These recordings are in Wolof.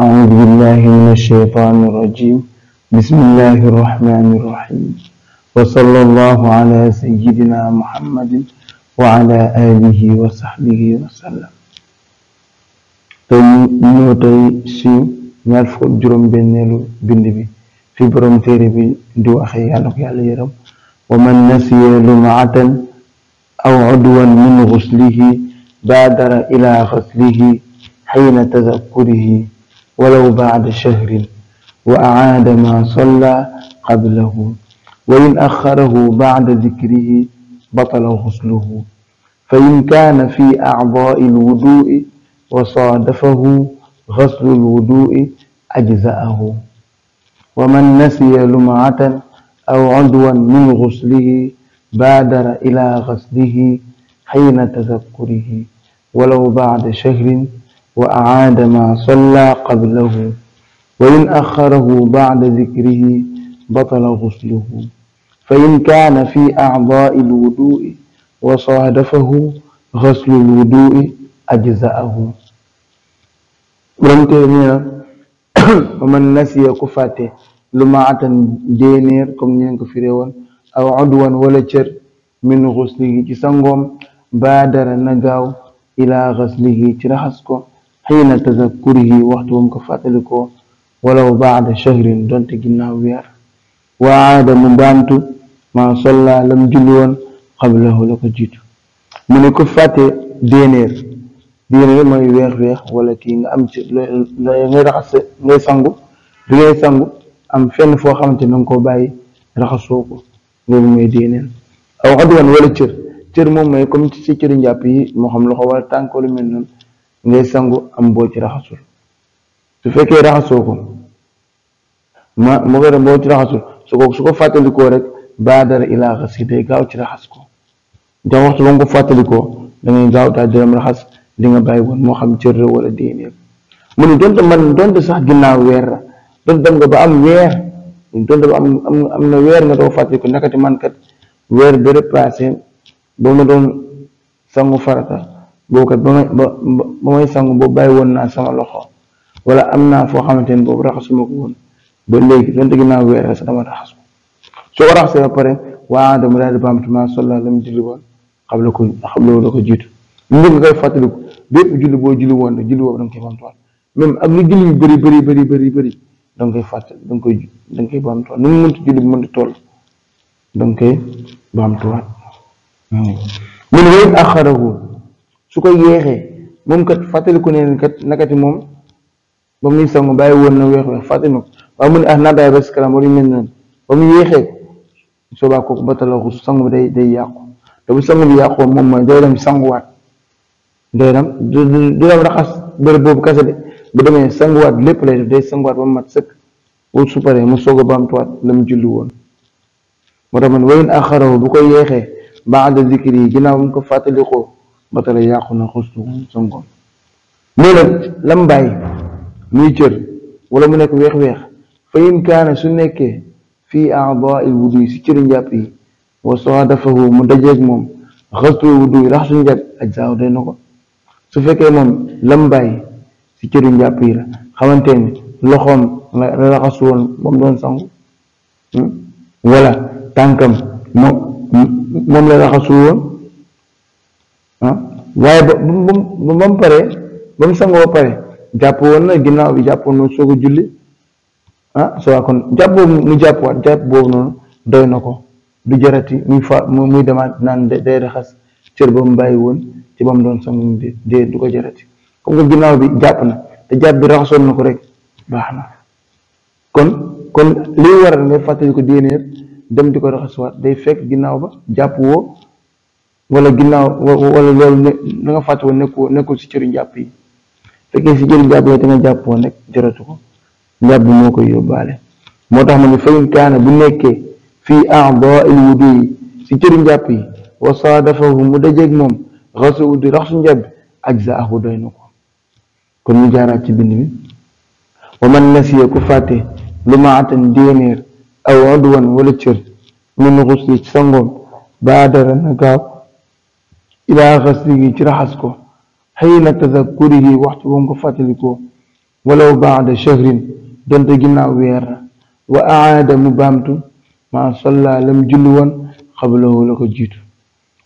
أعوذ بالله من الشيطان الرجيم بسم الله الرحمن الرحيم وصلى الله على سيدنا محمد وعلى آله وصحبه وسلم tey ñëw tey ci ñaar fukk juróom benneelu bind bi fi borom téere bi di waxe yàlla ko yàlla yërëm wa man nasiya lum'atan aw udwan min ghuslihi baadara ila ghaslihi xiina tazakkurihi ولو بعد شهر وأعاد ما صلى قبله وإن أخره بعد ذكره بطل غسله فإن كان في أعضاء الوضوء وصادفه غسل الوضوء أجزأه ومن نسي لمعة أو عضوا من غسله بادر إلى غسله حين تذكره ولو بعد شهر وأعاد ما صلى قبله وإن أخره بعد ذكره بطل غسله فإن كان في أعضاء الوضوء وصادفه غسل الوضوء أجزأه borom téere nee na wa man nasiya ku fàtte lu ma atan déenéer comme ñu ko firee woon aw udwan wala cër min xuslihi ci sangoom baadara na gaaw ilaa xaslihi ci raxas ko xiina tazakkurihi waxtu wam ko fàttalikoo walaw baada shahrin donte ginnaaw weer wa aada mu baamtu ma solla lam julli woon xablahu la ko jiitu mu ne ko fàtte déenéer déenéer mooy weex weex wala kii nga am ci ngay sangu bi ngay sangu am fenn foo xamante na ko koo bàyyi raxasoo ko loolu mooy déenéer aw xadwan wala cër cër moom mooy comme ci cëri njàpp yi moo xam loxo wala tànk wala mel noonu ngay sangu am boo ci raxasul su fekkee raxasoo ko ma moo gën ci raxasul su su ko fàttalikoo rek baadara ilaa xasi day ci raxas ko da waxtu ko fàttalikoo da ngay gaaw daal di dem raxas moo xam cër mu ne donte man donte sax ginnaaw weer la dem nga ba am weer donte am na weer nga doo fàttaliku nakati man kat weer bi repassé ba ma doon sangu farata boobu kat ba may sangu boobu bàyyi woon naa sama loxo wala am naa foo xamante ne boobu raxasuma ko woon ba léegi donte naa weer la sax dama raxasu soo ko raxasee ba pare waa dama daal di baamtu maa solla la mu julli woon xam la ko xam la ko jiitu mu nga koy fàttaliku bépp julli boo julli woon julli boobu da nga koy baamtuwaat même ak lu julli yu bëri bëri bëri bëri bëri da nga koy fàttali da nga koy da nga koy baamtuwaat nu mu mënti julli bu mënti toll da nga koy baamtuwaat min wa in axarahu su ko yéexee moom kat fàttaliku ne kat nakati moom ba muy sangu bàyyi woon na weex weex fàttali ko waaye mu ne ah naa bàyyi ba si kanam wala mel noonu ba mu yéexee soobaa kooku ba taloo sangu day day yàqu te bu sangu bi yàqoo moom mooy day dem sanguwaat day dem du du dem raxas bërëb boobu kese de bu demee sanguwaat lépp lay def day sanguwaat ba mu mat sëkk bu su paree mu soog a baamtuwaat la mu julli woon moo tax man wayin axarahu bu ko yéexee ba ànd zikir yi ginnaaw mu ko fàttalikoo. ba yàqu na xustum mu nekk yi wa saadafahu mu moom su njàpp ajzaaw day na fekkee moom lam bàyyi si la raxasu woon ba mu doon sangu hmm? wala tànkam moom la raxasu woon ah waaye ba ba ba mu paree ba mu sangoo pare jàpp woon na ginnaaw bi jàpp woon na soog ko julli ah soo kon jàpp boobu noonu doy na ko du jarati muy fa muy demaat naan day raxas cër ba mu bàyyi woon ci ba mu doon sangu de de du ko jarati comme que ginnaaw bi jàpp na te jàpp bi raxasoon na ko rek baax na kon kon li waral nga fàttali ko déenéer dem di ko raxasuwaat day fekk ginnaaw ba jàpp woo wala ginnaaw wala loolu ne na fàtte woon nekkul nekkul si cëru njàpp yi fekkee si cëru njàpp yi te nga jàpp woon rek jëratu ko njàpp moo tax ma ne kaana bu nekkee fii a'daa'il wudu yi si cëru njàpp yi wa saadafahu mu dajeeg moom rasu di raxsu njàpp ak zaahu doy na ko kon ñu jaaraat ci bind bi wa man nasiya ku fàtte lu maatan déenéer aw udwan wala na gaaw ilaa gaslihi ci raxas ko xiina tadakurihi waxtu bam ko fàttalikoo walaw baada shahrin donte ginnaaw weer wa aada mu baamtu maa salla lam julli woon xablahu la ko jiitu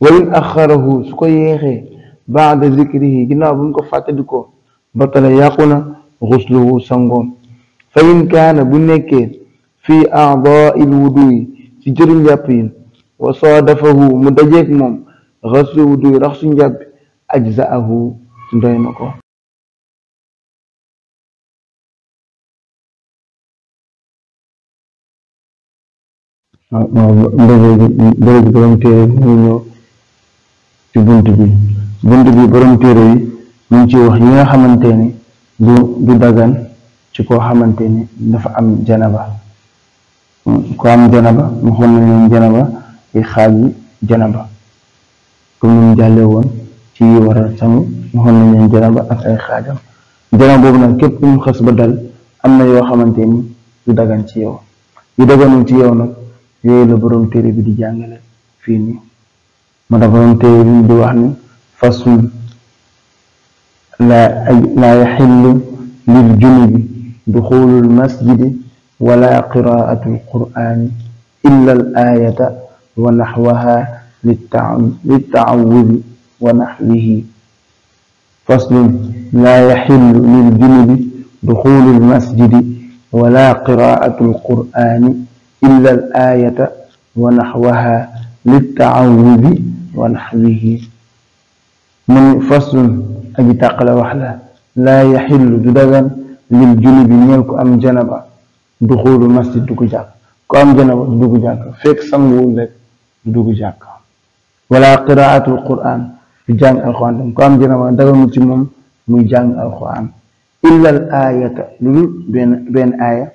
walin axarahu su ko yeexee baada zikrihi ginnaaw bam ko fàttalikoo batala yàqu na xusluhu sangoom fa in kaana bu nekkee fii aadaai lwuduyi ci jëriñ jàpp yi wa saadafahu mu dajeeg moom xasuwu duy rax su njàbbi ndoy na ko ah, bërëb borom téere ñu ñëw ci bunt bi bunt bi borom téere yi ñu ci wax yi nga xamante ni du du ci koo xamante ni dafa am janaba hmm, ko am janaba mu xam ne janaba yi janaba comme ni mu jàllee woon ci waral sangu waxoon nañ leen janaba ak ay xaajam janaba boobu nag képp mu xas ba dal am na yoo xamante ni yu dagan ci yow yu daganul ci yow nag yooyu la borom téere bi di jàngale fii nii ma tax borom téere bi di wax ni fasul la la yaxillu lil junubi duxulul masjidi wala qiraatu alqur'ani illa al wa naxwaha للتعوذ ونحوه فصل لا يحل للجنب دخول المسجد ولا قراءة القرآن إلا الآية ونحوها للتعوذ ونحوه من فصل aji tàqale wax la laa yaxillu du dagan lil juni bi ñeel ku am janaba duxuulu masjid dugg jàkk ku am janaba du dugg jàkk fekk sanguwul rek du dugg jàkk wala qiraatul quraan du jàng alquran tam ko am janaba daganul ci moom muy jàng alquran illa ayata lu dul benn benn aaya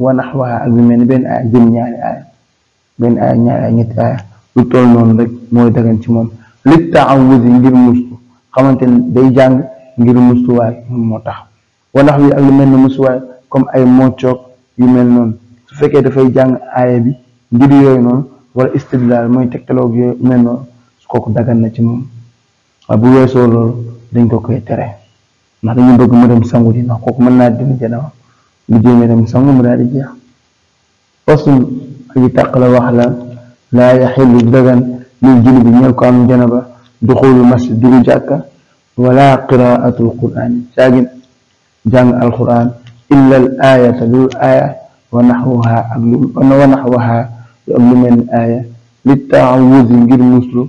wa ak lu mel ni benn aaya jëm ñaari aaya benn aaya ñetti aaya lu toll noonu rek mooy dagan ci moom li taawudi ngir mustu xamante ne day jàng ngir mustuwaay moom moo tax wa naxwi ak lu mel ni mustuwaay comme ay moccoog yu mel noonu su fekkee dafay jàng aaya bi ngir yooyu noonu wala istidlaal mooy tegtaloog yooyu mel noonu su kooku dagan na ci moom waaye dañ ko koy tere ndax dañu bëgg mu dem sangu di ndax kooku mën naa dindi janaba lu jéemee dem sangu mu daal di jeex fasul la wax la laa yaxillu dagan lil julli bi ñeel janaba duxulu masjid dugg jàkka wala qiraatul quraan saagin jàng alquran illa al aayata lul wa naxwaha am lu mel ni aaya li taawuzi ngir muslu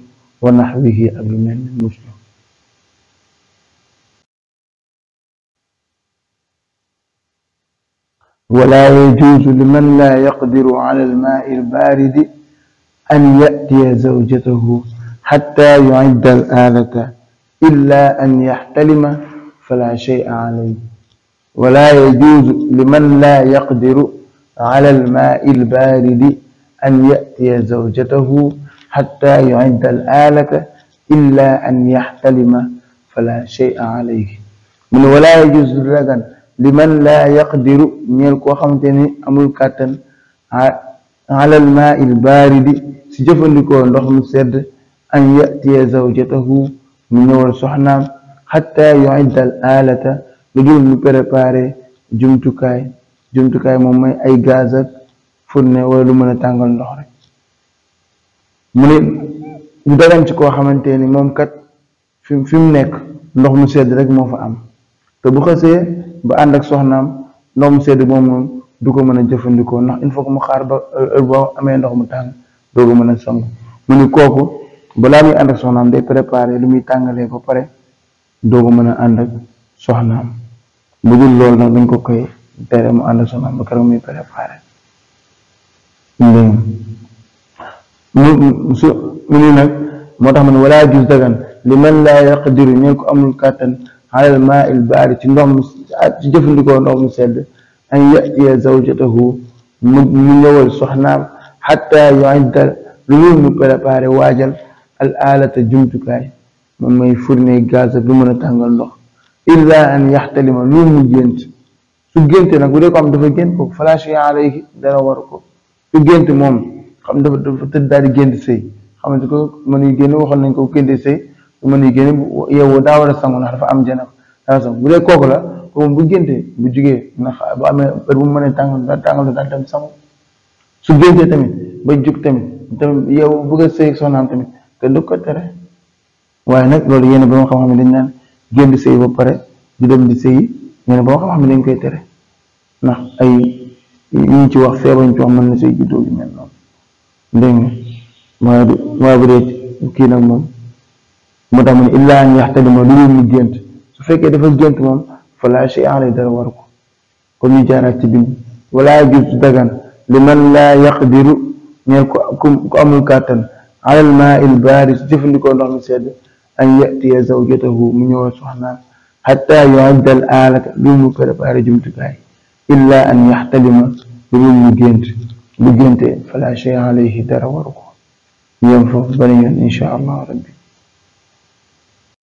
wa naxwihi ak lu mel ni muslu ولا يجوز لمن لا يقدر على الماء البارد أن يأتي زوجته حتى يعد الآلة إلا أن يحتلم فلا شيء عليه ولا يجوز لمن لا يقدر على الماء البارد an ya'tiya zawjatahu hatta yu'idda al-aalata illa an yahtalima fala shay'a alayhi min wala yajuz dagan liman la yaqdiru ñeel koo xamante ni amul kàttan ala al-maa al-baaridi si jëfandikoo ndox mu sedd an ya'tiya zawjatahu mu ñëwal soxnaam hatta yu'idda al-aalata lu dul mu préparé jumtukaay jumtukaay moom mooy ay gaz ak fourne wala lu mën a tàngal ndox rek mu ne ñu dagan ci koo xamante ni moom kat fi fi mu nekk ndox mu sedd rek moo fa am te bu xasee ba ànd ak soxnaam ndox mu sedd moom moom du ko mën a jëfandikoo ndax il faut mu xaar euh, amee ndox mu tàng doo ko mën a sangu mu kooku balaa muy ànd ak soxnaam day préparer lu muy tàngalee ba pare doo ko mën a ànd ak soxnaam bu dul loolu nag dañ ko koy tere mu ànd ak soxnaam ba keroog muy préparer. dégg mu mu ni nag moo tax man wala jus dagan li man laa yaqdiru ñeen ko amul kàttan xalal maa il ci ndox mu ci mu sedd an yatiya zawjatahu mu mu ñëwal soxnaam xatta yuidda lu alata jumtukaay moom mooy fourne gaz bi mën a tàngal ndox an yaxtalima lu mu gént su génte nag bu dee ko am dafa gént ko fala shay'a dara war ku gént xam dafa dafa tëdd daal di gént xamante ko mën yu génn waxoon nañ ko génte sëy mën yu génn yow daa war a dafa am janab daa bu dee kooku la bu géntee bu jugee ndax bu amee mu mënee tàngal daal tàngal daal dem sangu su géntee tamit ba jug tamit tamit yow bëgg a sëy soxnaam tamit te du ko tere waaye nag loolu yéen ba ma xam-xam dañ naan gént sëy ba pare di dem di sëy yéen xam-xam dañ koy tere ndax ay ñu ci wax feebañ ci wax mën na say juddoo yu mel noonu nag moom moo tax mu ne illaa an yaxtalima lu mu gént su fekkee dafa gént moom falaa shay alay dara war ko kon ñu jaaraat ci bind wala jub dagan li man laa yaqdiru ñeel ku amul kàttan alal maa jëfandikoo ndox mi sedd an yatiya zawjatahu mu ñëw soxnaan xataa yuadda al aalata lu mu préparé jumtukaay illa an yaxtalima lu dul mu gént bu génte fala shay alayhi dara waru ko yem foofu bari yoon insha allah rabbi